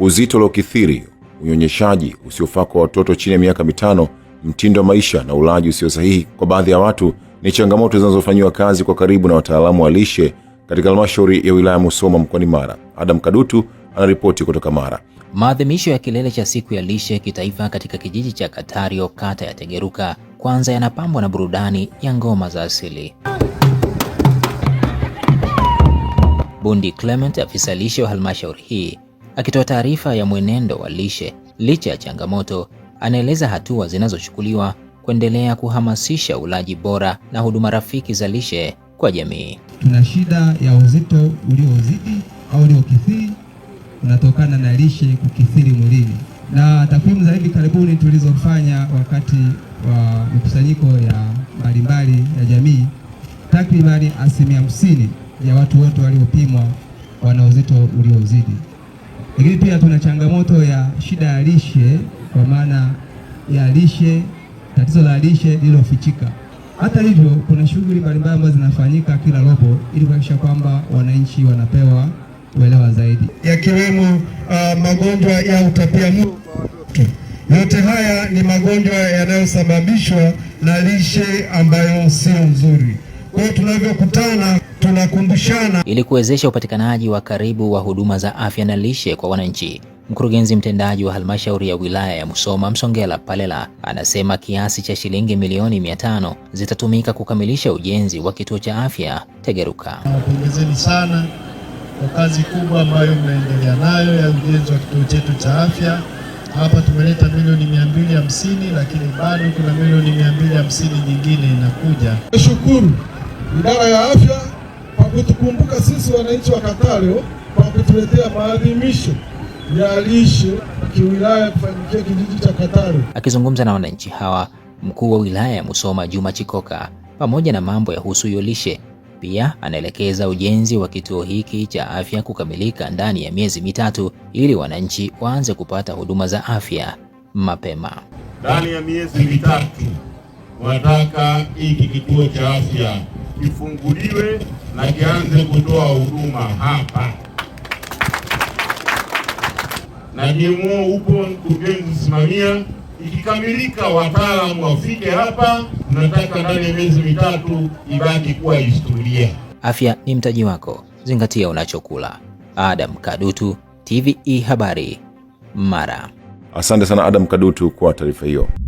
Uzito uliokithiri, unyonyeshaji usiofaa kwa watoto chini ya miaka mitano, mtindo wa maisha na ulaji usio sahihi kwa baadhi ya watu ni changamoto zinazofanyiwa kazi kwa karibu na wataalamu wa lishe katika halmashauri ya wilaya Musoma mkoani Mara. Adam Kadutu anaripoti kutoka Mara. Maadhimisho ya kilele cha siku ya lishe kitaifa katika kijiji cha Katario, kata ya Tegeruka kwanza yanapambwa na burudani ya ngoma za asili. Bundi Clement, afisa lishe wa halmashauri hii, Akitoa taarifa ya mwenendo wa lishe licha ya changamoto, anaeleza hatua zinazochukuliwa kuendelea kuhamasisha ulaji bora na huduma rafiki za lishe kwa jamii. Tuna shida ya uzito uliozidi au uliokithiri unatokana na lishe kukithiri mwilini, na takwimu za hivi karibuni tulizofanya wakati wa mikusanyiko ya mbalimbali ya jamii, takribani asilimia hamsini ya watu wote waliopimwa wana uzito uliozidi lakini pia tuna changamoto ya shida ya lishe, kwa maana ya lishe, tatizo la lishe lililofichika. Hata hivyo, kuna shughuli mbalimbali ambazo zinafanyika kila robo ili kuhakikisha kwamba wananchi wanapewa uelewa zaidi, yakiwemo uh, magonjwa ya utapia utapiamlo. Yote haya ni magonjwa yanayosababishwa na lishe ambayo sio nzuri. Kwa tunavyokutana tunakumbushana ili kuwezesha upatikanaji wa karibu wa huduma za afya na lishe kwa wananchi. Mkurugenzi mtendaji wa halmashauri ya wilaya ya Musoma Msongela Palela anasema kiasi cha shilingi milioni mia tano zitatumika kukamilisha ujenzi wa kituo cha afya Tegeruka. Nawapongezeni sana kwa kazi kubwa ambayo mnaendelea nayo ya ujenzi wa kituo chetu cha afya hapa. Tumeleta milioni mia mbili hamsini lakini bado kuna milioni mia mbili hamsini nyingine inakuja. Nashukuru Idara ya Afya kwa kutukumbuka sisi wananchi wa Katale kwa kutuletea maadhimisho ya lishe kiwilaya kufanikia kijiji cha Katale. Akizungumza na wananchi hawa, mkuu wa wilaya ya Musoma Juma Chikoka, pamoja na mambo ya husuyo lishe, pia anaelekeza ujenzi wa kituo hiki cha afya kukamilika ndani ya miezi mitatu ili wananchi waanze kupata huduma za afya mapema. Ndani ya miezi mitatu, nataka hiki kituo cha afya kifunguliwe na kianze kutoa huduma hapa. Na DMO upo, mkurugenzi simamia Ikikamilika wataalamu wafike hapa, nataka ndani ya miezi mitatu ibaki kuwa historia. Afya ni mtaji wako, zingatia unachokula. Adam Kadutu, TVE Habari, Mara. Asante sana Adam Kadutu kwa taarifa hiyo.